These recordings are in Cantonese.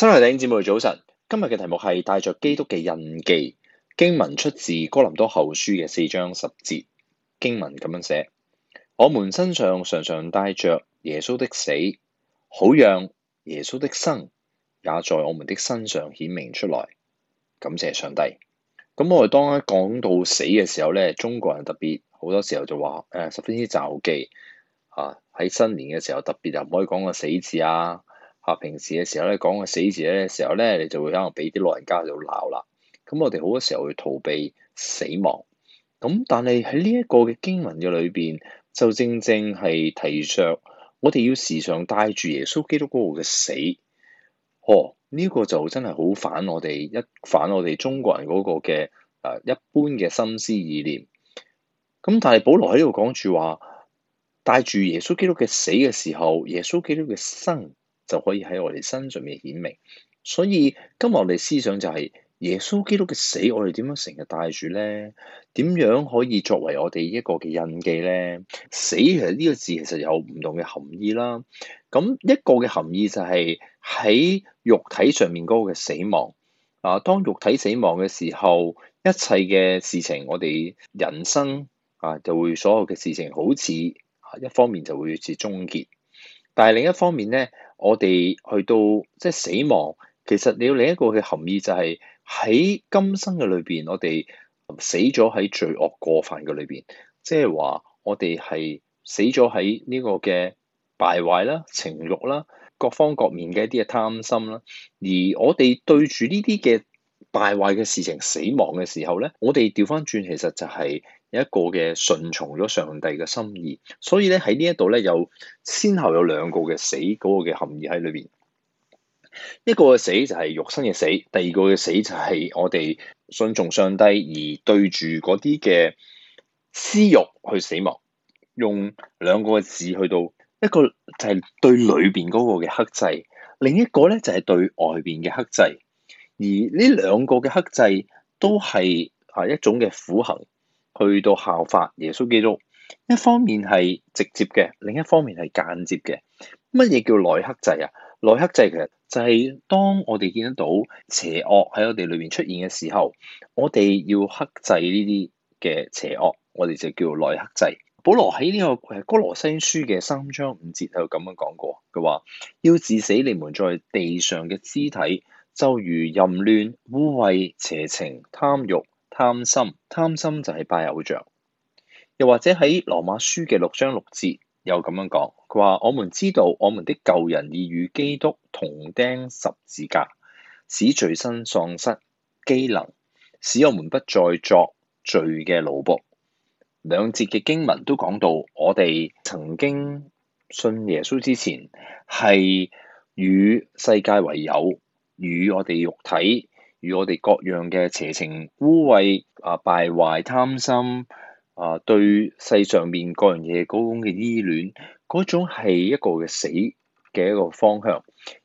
親愛弟兄姊妹早晨，今日嘅題目係帶着基督嘅印記，經文出自哥林多後書嘅四章十節，經文咁樣寫：我們身上常常帶着耶穌的死，好讓耶穌的生也在我們的身上顯明出來。感謝上帝。咁我哋當一講到死嘅時候咧，中國人特別好多時候就話，誒、呃，十分之忌諱啊，喺新年嘅時候特別又唔、啊、可以講個死字啊。啊！平時嘅時候咧，講個死字咧嘅時候咧，你就會可能俾啲老人家喺度鬧啦。咁我哋好多時候會逃避死亡。咁但係喺呢一個嘅經文嘅裏邊，就正正係提著我哋要時常帶住耶穌基督嗰個嘅死。哦，呢個就真係好反我哋一反我哋中國人嗰個嘅誒一般嘅心思意念。咁但係保羅喺度講住話，帶住耶穌基督嘅死嘅時候，耶穌基督嘅生。就可以喺我哋身上面顯明，所以今日我哋思想就係耶穌基督嘅死我，我哋點樣成日帶住咧？點樣可以作為我哋一個嘅印記咧？死其實呢個字其實有唔同嘅含義啦。咁一個嘅含義就係喺肉體上面嗰個嘅死亡啊。當肉體死亡嘅時候，一切嘅事情，我哋人生啊，就會所有嘅事情好似啊一方面就會係終結，但係另一方面咧。我哋去到即係死亡。其實你有另一個嘅含義就係喺今生嘅裏邊，我哋死咗喺罪惡過犯嘅裏邊，即係話我哋係死咗喺呢個嘅敗壞啦、情慾啦、各方各面嘅一啲嘅貪心啦。而我哋對住呢啲嘅敗壞嘅事情死亡嘅時候咧，我哋調翻轉，其實就係、是。一個嘅順從咗上帝嘅心意，所以咧喺呢一度咧有先後有兩個嘅死嗰個嘅含義喺裏邊，一個嘅死就係肉身嘅死，第二個嘅死就係我哋順從上帝而對住嗰啲嘅私欲去死亡，用兩個字去到一個就係對裏邊嗰個嘅克制，另一個咧就係對外邊嘅克制，而呢兩個嘅克制都係係一種嘅苦行。去到效法耶穌基督，一方面係直接嘅，另一方面係間接嘅。乜嘢叫內克制啊？內克制其實就係、是、當我哋見得到邪惡喺我哋裏邊出現嘅時候，我哋要克制呢啲嘅邪惡，我哋就叫內克制。保羅喺呢個誒哥羅西書嘅三章五節就咁樣講過，佢話要治死你們在地上嘅肢體，就如淫亂、污穢、邪情、貪欲。貪心，貪心就係拜偶像。又或者喺羅馬書嘅六章六節有咁樣講，佢話：我們知道我們的舊人已與基督同釘十字架，使罪身喪失機能，使我們不再作罪嘅奴僕。兩節嘅經文都講到，我哋曾經信耶穌之前係與世界為友，與我哋肉體。與我哋各樣嘅邪情污穢啊、敗壞貪心啊、對世上面各樣嘢嗰種嘅依戀，嗰種係一個嘅死嘅一個方向。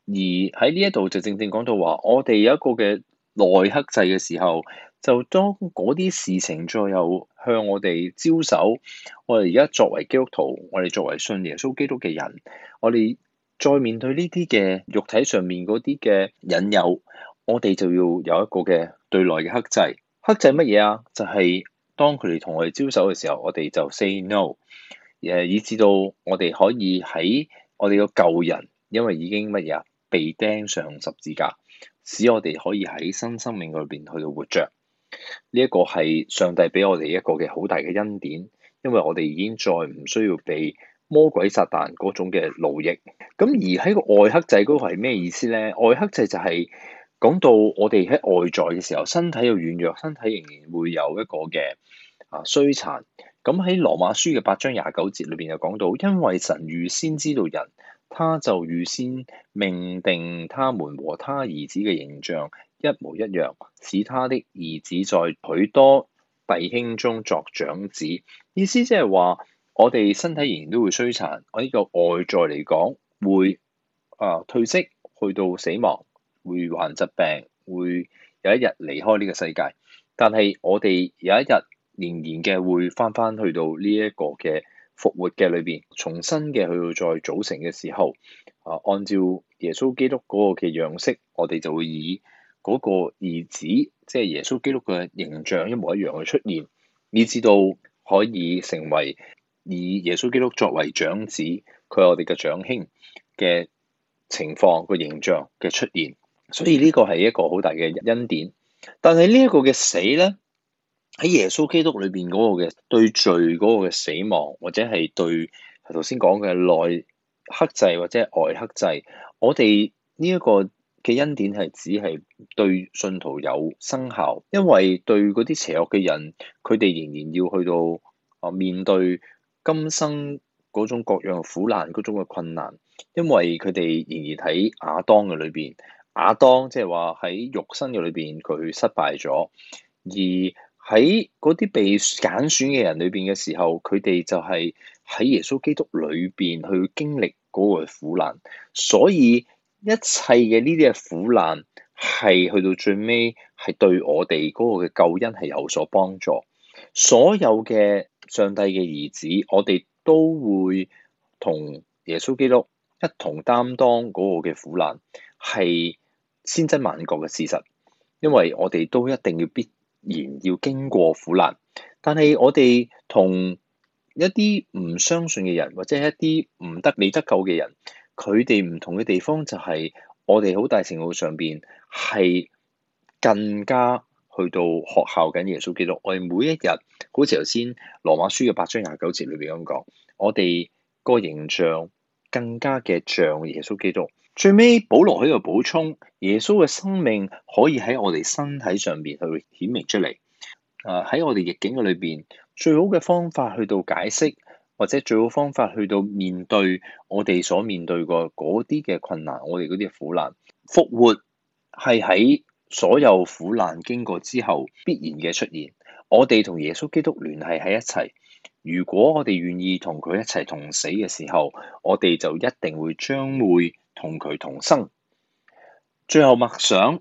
而喺呢一度就正正講到話，我哋有一個嘅內克制嘅時候，就當嗰啲事情再有向我哋招手，我哋而家作為基督徒，我哋作為信耶穌基督嘅人，我哋再面對呢啲嘅肉體上面嗰啲嘅引誘。我哋就要有一個嘅對內嘅克制，克制乜嘢啊？就係、是、當佢哋同我哋招手嘅時候，我哋就 say no，誒，以至到我哋可以喺我哋個舊人，因為已經乜嘢啊？被釘上十字架，使我哋可以喺新生命裏邊去到活着。呢、這個、一個係上帝俾我哋一個嘅好大嘅恩典，因為我哋已經再唔需要被魔鬼撒旦嗰種嘅奴役。咁而喺個外克制嗰個係咩意思咧？外克制就係、是。講到我哋喺外在嘅時候，身體又軟弱，身體仍然會有一個嘅，啊衰殘。咁喺羅馬書嘅八章廿九節裏邊又講到，因為神預先知道人，他就預先命定他們和他兒子嘅形象一模一樣，使他的兒子在許多弟兄中作長子。意思即係話，我哋身體仍然都會衰殘，我呢個外在嚟講會啊褪色，去到死亡。會患疾病，會有一日離開呢個世界。但係我哋有一日仍然嘅會返返去到呢一個嘅復活嘅裏邊，重新嘅去到再組成嘅時候，啊，按照耶穌基督嗰個嘅樣式，我哋就會以嗰個兒子，即係耶穌基督嘅形象一模一樣去出現，以至到可以成為以耶穌基督作為長子，佢係我哋嘅長兄嘅情況、嗰個形象嘅出現。所以呢個係一個好大嘅恩典，但係呢一個嘅死咧，喺耶穌基督裏邊嗰個嘅對罪嗰個嘅死亡，或者係對頭先講嘅內克制或者外克制，我哋呢一個嘅恩典係只係對信徒有生效，因為對嗰啲邪惡嘅人，佢哋仍然要去到啊面對今生嗰種各樣苦難嗰種嘅困難，因為佢哋仍然喺亞當嘅裏邊。亞當即係話喺肉身嘅裏邊佢失敗咗，而喺嗰啲被揀選嘅人裏邊嘅時候，佢哋就係喺耶穌基督裏邊去經歷嗰個苦難，所以一切嘅呢啲嘅苦難係去到最尾係對我哋嗰個嘅救恩係有所幫助。所有嘅上帝嘅兒子，我哋都會同耶穌基督一同擔當嗰個嘅苦難係千真萬確嘅事實，因為我哋都一定要必然要經過苦難。但係我哋同一啲唔相信嘅人，或者一啲唔得未得救嘅人，佢哋唔同嘅地方就係我哋好大程度上邊係更加去到學效緊耶穌基督。我哋每一日，好似頭先羅馬書嘅八章廿九節裏邊咁講，我哋個形象更加嘅像耶穌基督。最尾，保羅喺度補充，耶穌嘅生命可以喺我哋身體上邊去顯明出嚟。啊，喺我哋逆境嘅裏邊，最好嘅方法去到解釋，或者最好方法去到面對我哋所面對過嗰啲嘅困難，我哋嗰啲嘅苦難。復活係喺所有苦難經過之後必然嘅出現。我哋同耶穌基督聯繫喺一齊。如果我哋願意同佢一齊同死嘅時候，我哋就一定會將會，同佢同生，最後默想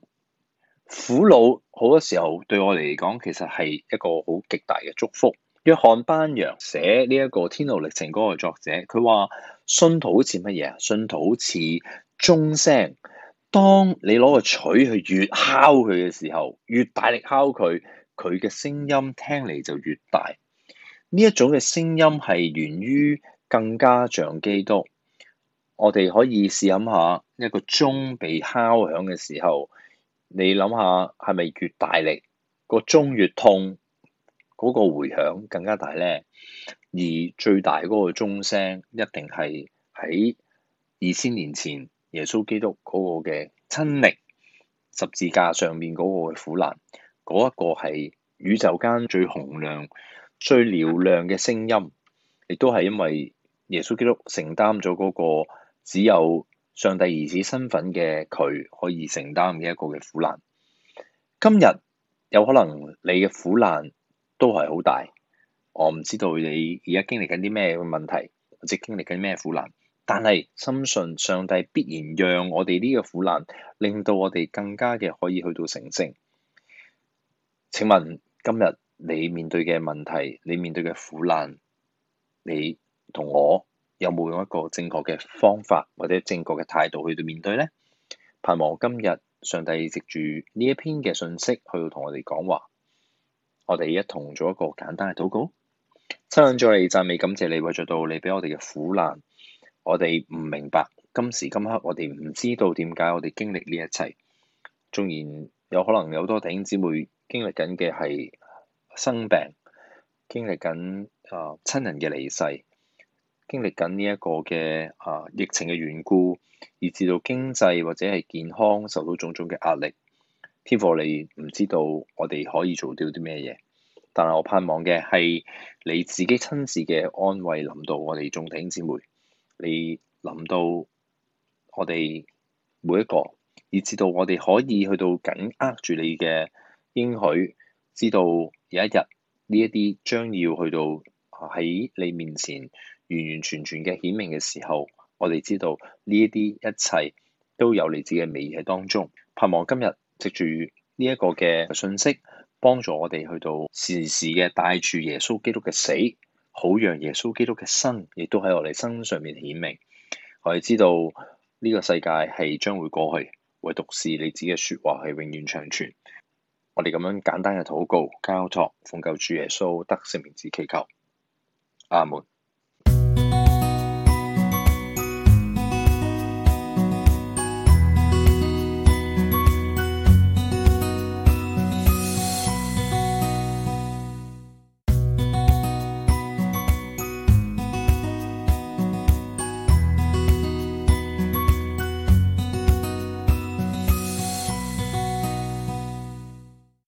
苦惱，好多時候對我嚟講，其實係一個好極大嘅祝福。約翰班揚寫呢、這、一個《天路歷程》嗰個作者，佢話信徒好似乜嘢啊？信徒好似鐘聲，當你攞個錘去越敲佢嘅時候，越大力敲佢，佢嘅聲音聽嚟就越大。呢一種嘅聲音係源於更加像基督。我哋可以試諗下，一個鐘被敲響嘅時候，你諗下係咪越大力個鐘越痛，嗰個回響更加大咧？而最大嗰個鐘聲一定係喺二千年前耶穌基督嗰個嘅親歷十字架上面嗰個嘅苦難，嗰一個係宇宙間最洪亮、最嘹亮嘅聲音，亦都係因為耶穌基督承擔咗嗰個。只有上帝兒子身份嘅佢可以承擔呢一個嘅苦難。今日有可能你嘅苦難都係好大，我唔知道你而家經歷緊啲咩問題，或者經歷緊咩苦難，但係深信上帝必然讓我哋呢個苦難令到我哋更加嘅可以去到成聖。請問今日你面對嘅問題，你面對嘅苦難，你同我？有冇用一個正確嘅方法或者正確嘅態度去對面對呢？盼望今日上帝藉住呢一篇嘅信息，去同我哋講話。我哋一同做一個簡單嘅禱告，親人再嚟，讚美感謝你，為着到你畀我哋嘅苦難，我哋唔明白，今時今刻我哋唔知道點解我哋經歷呢一切，縱然有可能有好多弟兄姊妹經歷緊嘅係生病，經歷緊啊親人嘅離世。經歷緊呢一個嘅啊疫情嘅緣故，以至到經濟或者係健康受到種種嘅壓力。天父，你唔知道我哋可以做到啲咩嘢，但係我盼望嘅係你自己親自嘅安慰，臨到我哋眾弟兄姊妹，你臨到我哋每一個，以至到我哋可以去到緊握住你嘅應許，知道有一日呢一啲將要去到喺你面前。完完全全嘅顯明嘅時候，我哋知道呢一啲一切都有你自己嘅美喺當中。盼望今日藉住呢一個嘅信息，幫助我哋去到時時嘅帶住耶穌基督嘅死，好讓耶穌基督嘅生亦都喺我哋身上面顯明。我哋知道呢個世界係將會過去，唯獨是你自己嘅說話係永遠長存。我哋咁樣簡單嘅禱告交託，奉救主耶穌得勝名字祈求，阿門。